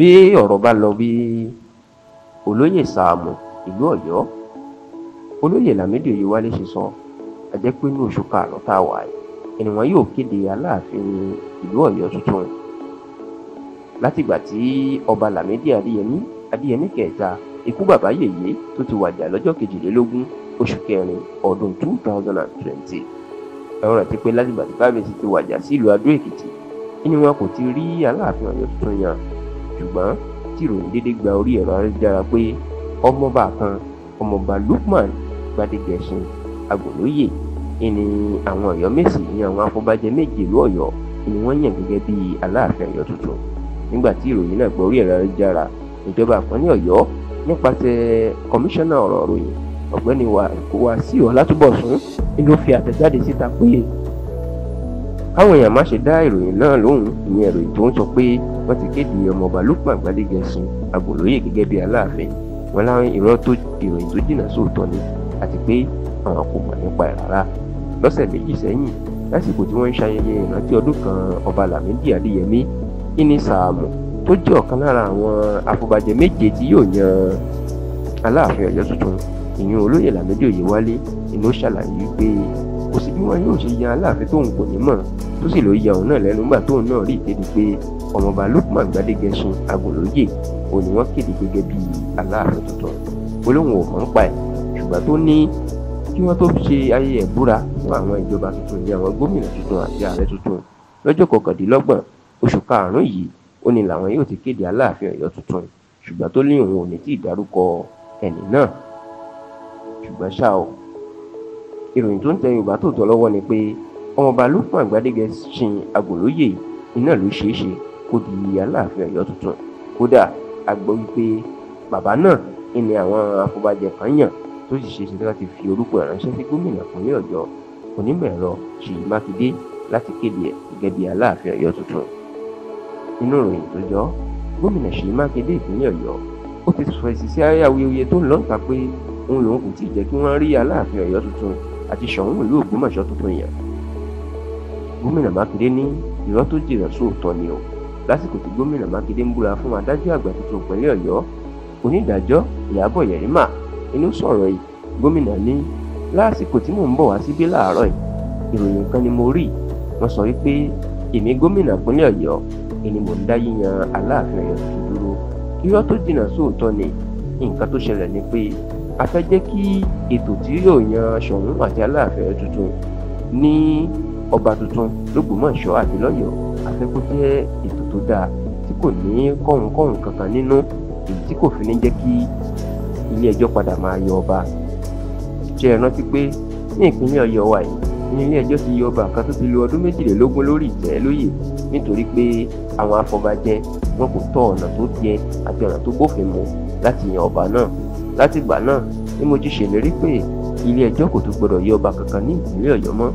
bí ọ̀rọ̀ bá lọ bí olóyè Sàámú ìlú Ọ̀yọ́ olóyè Lámídì Oyèwálé ṣe sọ a jẹ́ pé ní oṣù karùn-ún tá a wà yìí ènìwọ̀n yóò kéde aláàfin ìlú Ọ̀yọ́ tuntun látìgbà tí ọba Lámídì Adéyẹmí Adéyẹmí kẹta ikú bàbá yèyé tó ti wàjà lọ́jọ́ kejìlélógún oṣù kẹrin ọdún two thousand and twenty ẹ̀rọ rẹ̀ ti pé látìgbà tí kábíyèsí ti wàjà sí ìlú Adó Èkìtì ènìwọ̀n kò ti rí aláàfin Ọ̀yọ́ tuntun yàn ṣùgbọ́n tí ìròyìn dédé gba orí ẹ̀rọ ayélujára pé ọmọọba kan ọmọọba Lukman Gbádégẹṣin Agúnlóyè ìní àwọn Ọ̀yọ́ Mèsì ní àwọn afọbajẹ méje ìlú Ọ̀yọ́ ni wọ́n yàn gẹ́gẹ́ bí Aláàfin Ọ̀yọ́ tuntun nígbà tí ìròyìn náà gba orí ẹ̀rọ ayélujára ìjọba àpọ́n ní Ọ̀yọ́ nípasẹ̀ kọmíṣánná ọ̀rọ̀ ìròyìn ọ̀gbẹ́ni wa Wàsíù Ọlátúbọ̀sún ni ló fi àtẹ̀jáde síta pé káwọn èèyàn má ṣe dá ìròyìn náà lóhùn ìyẹn ìròyìn tó ń sọ pé wọ́n ti kéde ọmọọba Lukman Gbadegesin Agbolóyè gẹ́gẹ́ bí Aláàfin wọn láwọn ìran tó ìròyìn tó jìnnà sóòótọ́ ni àti pé àwọn kò mọ̀ nípa ẹ̀ rárá lọ́sẹ̀ méjì sẹ́yìn lásìkò tí wọ́n ń ṣayẹyẹ ìrántí ọdún kan ọba Lámídì Adéyẹmí kíní Sàámù tó jẹ́ ọ̀kan lára àwọn afọbajẹ méje tí yóò yan Aláàfin Ọ̀yọ́ tuntun ìyún olóyè Lámídì Oyèwálé inú kò sí bí wọn yóò ṣe ya aláàfin tóun kò ní mọ̀ tó sì ló ya òun náà lẹ́nu gbà tóun náà rí ìkéde pé ọmọọba Lukman Gbádégẹṣin Agúnlóyè òun ni wọ́n kéde gẹ́gẹ́ bí aláàfin tuntun olóhùn ò hàn pa ẹ̀ ṣùgbọ́n tó ní kí wọ́n tó ṣe ayẹyẹ ìbúra fún àwọn ìjọba tuntun ní àwọn gómìnà tuntun àti ààrẹ tuntun lọ́jọ́ kọkàndínlọ́gbọ̀n oṣù karùn-ún yìí ó ní làwọn yóò ti kéde aláàfin Ọ̀yọ́ tuntun ṣùgbọ́n tó ní òun ò ní tí ì dárúkọ náà ṣùgbọ́n ṣá o ìròyìn tó ń tẹ yorùbá tòótọ́ lọ́wọ́ ni pé ọmọọba lukman gbadege sin agòlóyè iná ló ṣeé ṣe kó di aláàfin ọ̀yọ́ tuntun kódà a gbọ́ wípé bàbá náà ni àwọn afọbajẹ kan yàn tó sì ṣeé ṣe láti fi orúkọ ìránṣẹ́ sí gómìnà ìpínlẹ̀ ọ̀yọ́ onímọ̀-ẹ̀rọ ṣèyí mákindé láti kéde ẹ̀ gẹ́gẹ́ bí aláàfin ọ̀yọ́ tuntun nínú ìròyìn tó jọ gómìnà ṣèyí mákindé ìpínlẹ̀ ọ̀yọ́ ó ti fèsì sí ayáwiyewuye tó ń lọ́ǹkà pé òun lòun kò tí ì jẹ́ kí wọ́n rí aláàfin ọ̀yọ́ tuntun àti Ṣọ̀ún ìlú Ògbómọ̀ṣọ́ tuntun yẹn gómìnà Mákindé ní irọ́ tó jìnnà sóòótọ́ ni o lásìkò tí gómìnà Mákindé ń búra fún adájọ́ àgbà tuntun ìpínlẹ̀ Ọ̀yọ́ onídàájọ́ Ìyábọ̀ Yẹ̀rímà inú sọ̀rọ̀ yìí gómìnà ní lásìkò tí mò ń bọ̀ wá síbí láàárọ̀ yìí ìròyìn kan ni mo rí wọ́n sọ wípé èmi gómìnà ìpínlẹ̀ Ọ̀yọ́ ẹni mò ń dá yíyan Aláàfin Ọ̀yọ́ tuntun dúró irọ́ tó jìnnà sóòótọ́ ni nǹkan tó ṣẹlẹ̀ ni pé a fẹ́ jẹ́ kí ètò tí yóò yan Ṣọ̀ún àti Aláàfin tuntun ní ọba tuntun lógbòmọ̀ṣọ́ àti lọ́yọ̀ọ́ a fẹ́ kó jẹ́ ètò tó dáa tí kò ní kọ̀hùnkọ̀hùn kankan nínú èyí tí kò fi ní jẹ́ kí ilé ẹjọ́ padà máa yọ ọba ṣe é rántí pé ní ìpínlẹ̀ Ọ̀yọ́ wa yìí ní ilé ẹjọ́ ti yọ ọba kan tó ti lo ọdún méjìlélógún lórí ìtẹ́ lóyè nítorí pé àwọn afọbajẹ wọn kò tọ ọ̀nà tó yẹ àti ọ̀nà tó bófin mu láti yan ọba náà látìgbà náà ni mo ti ṣèlérí pé ilé ẹjọ́ kò tún gbọdọ̀ yọ ọba kankan ní ìpínlẹ̀ ọ̀yọ́ mọ́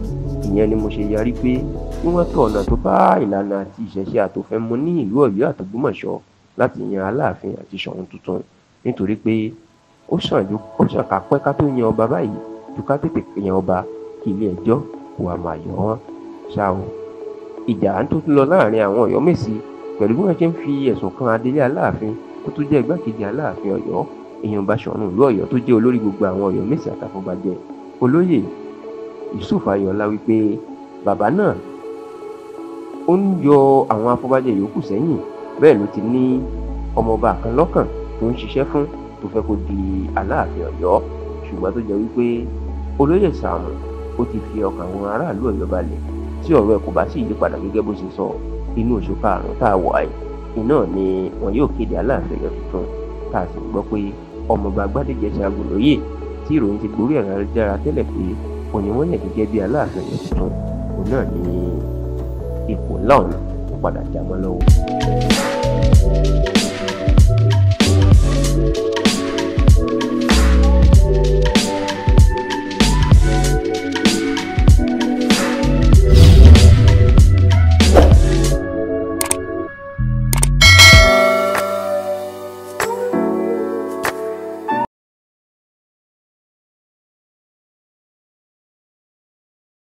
ìyẹn ni mo ṣe yarí pé kí wọ́n tọ ọ̀nà tó bá ìlànà àti ìṣẹ̀ṣe àtòfẹ́ mu ní ìlú ọ̀yọ́ àtògbómọ̀ṣọ́ láti yan aláàfin àti ṣọ̀ún tuntun nítorí pé ó sàn ju ó sàn ká pẹ́ ká tó yan ọba báyìí ju ká tètè yan ọba kí ilé ẹjọ́ kò àmà yọ wọ́n ṣá o ìjà tó tún lọ láàrin àwọn ọ̀yọ́mèsì pẹ̀lú bí wọ́n ṣe ń fi ẹ̀sùn kan adélé aláàfin tó tún jẹ́ igbákejì aláàfin ọ̀yọ́ èèyàn Báṣọ̀run ìlú Ọ̀yọ́ tó jẹ́ olórí gbogbo àwọn Ọ̀yọ́ mèsì àtàfọ̀bàjẹ olóyè Yusuf Ayọ̀ọ́lá wípé bàbá náà ó ń yọ àwọn afọbàjẹ yòókù sẹ́yìn bẹ́ẹ̀ ló ti ní ọmọọba kan lọ́kàn tó ń ṣiṣẹ́ fún tó fẹ́ kó di Aláàfin Ọ̀yọ́ ṣùgbọ́n tó jẹ́ wípé olóyè Sàámú ó ti fi ọkàn àwọn aráàlú Ọ̀yọ́ balẹ̀ tí ọ̀rọ̀ ẹ̀ kò bá sì yípadà gẹ́gẹ́ bó ṣe sọ inú oṣù karùn-ún tá a wà yìí iná ni wọn yóò kéde Aláàfin Ọ̀yọ́ tuntun tá a sì gbọ́ pé ọmọọba Gbádéjẹsà Àgùnlóyè tí ìròyìn ti gborí ẹ̀rọ ayélujára tẹ́lẹ̀ pé òun ni wọ́n yàn gẹ́gẹ́ bí Aláàfin tuntun òun náà ní ipò ńlá ọ̀hún padà já mọ́ lọ́wọ́.